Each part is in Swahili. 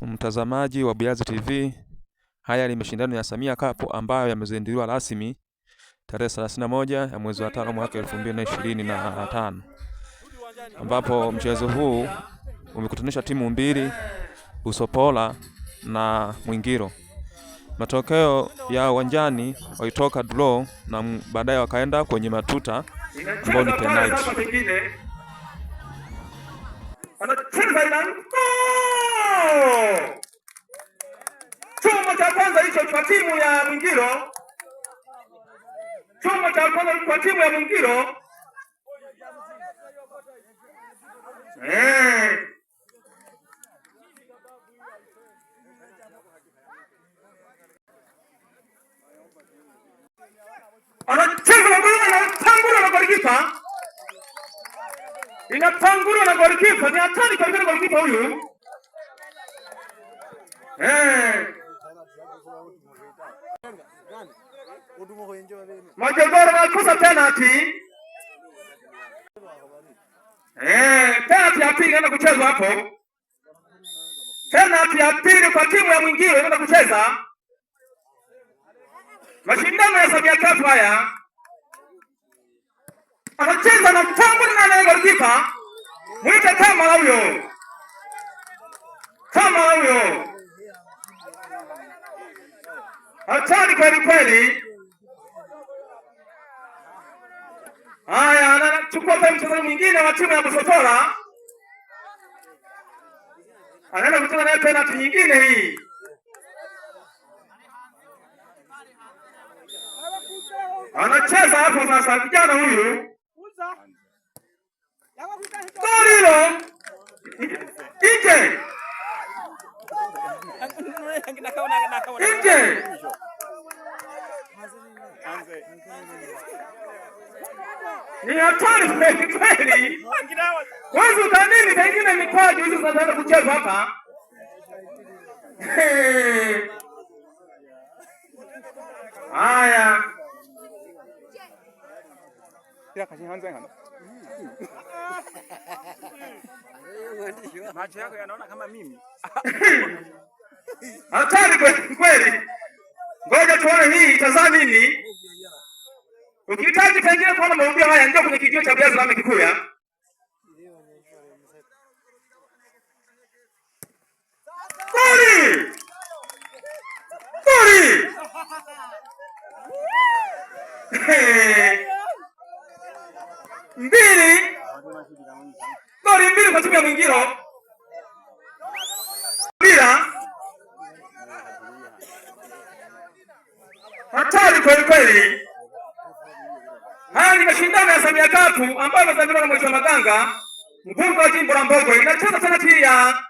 Mtazamaji wa Buyazi TV, haya ni mashindano ya Samia Cup ambayo yamezinduliwa rasmi tarehe 31 ya mwezi wa tano mwaka 2025 ambapo mchezo huu umekutanisha timu mbili Usopola na Mwingiro. Matokeo ya uwanjani walitoka draw na baadaye wakaenda kwenye matuta ambao ni penalty. Wow! Chuma cha kwanza hicho kwa timu ya Mwingilo, chuma cha kwanza kwa timu ya Mwingilo. Eh. Hey. na golikipa. ni hatari kwa golikipa huyu. Majogoro nakusa penalty. Eh, penalty ya pili inaenda kuchezwa hapo. Penalty ya pili kwa timu ya mwingine inaenda kucheza. Mashindano ya Samia Cup haya. Anacheza na tangu na anayegolikipa. Mwite kama huyo. Kama huyo achani kweli kweli. Haya, anachukua tena mchezaji mwingine wa timu ya Busotola, anaenda kutoa naye penalti nyingine hii. Anacheza hapo sasa, kijana huyu golilo nje nje ni hatari kweli kweli. Wewe utadhani pengine mipaji hizo zitaanza kucheza hapa. Haya. Kila kazi hanza ngana. Macho yako yanaona kama mimi. Hatari kweli kweli. Ngoja tuone hii itazaa nini? Ukihitaji pengine kuona mahubiri haya, ndio kwenye kijio cha Bia Islami Kikuya. Mbili. Kuri mbili kwa timu ya Mwingiro. Bila. Hatari kweli kweli. Mashindano ya Samia tatu ambayo imezaminiwa na Mheshimiwa Maganga, mbunge wa jimbo la Mbogwe, inacheza sana chini ya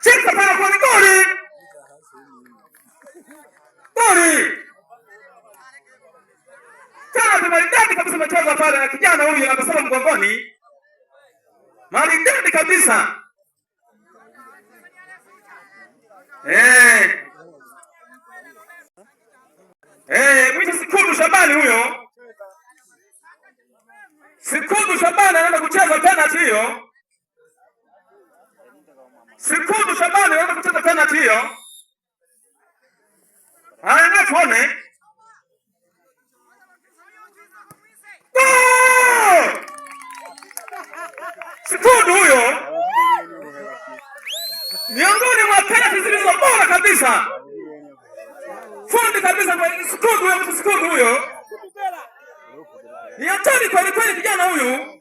Cheka pale kwa goli goli tena, ni maridadi kabisa mchezo pale, na kijana huyu anasema mgongoni, maridadi kabisa eh Eh, mwite Sikudu Shabani huyo. Sikudu Shabani anaenda kucheza penalty hiyo. Sikudu Shabani anaenda kucheza penalty hiyo. Haya, tuone. Sikudu huyo. Miongoni mwa penalty zilizo bora kabisa hatari kabisa, kwa skudu huyo skudu huyo. ni hatari kwa kweli. Kijana huyu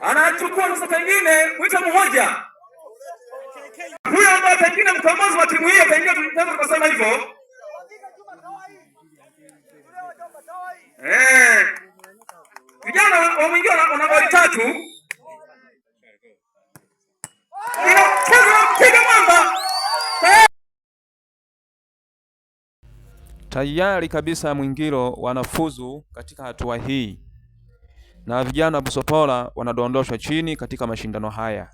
anachukua sasa, pengine kuita mmoja huyo ambaye pengine mkombozi wa timu hiyo, pengine tunataka kusema hivyo eh, vijana wa mwingine wana goli tatu tayari kabisa Mwingilo wanafuzu katika hatua hii na vijana wa Busopola wanadondoshwa chini katika mashindano haya.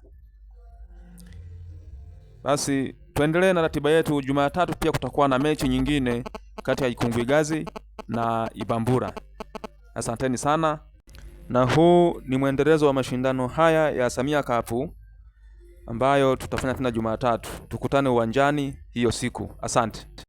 Basi tuendelee na ratiba yetu. Jumatatu pia kutakuwa na mechi nyingine kati ya gazi na Ibambura. Asanteni sana, na huu ni mwendelezo wa mashindano haya ya Samia Cup ambayo tutafanya tena Jumatatu. Tukutane uwanjani hiyo siku. Asante.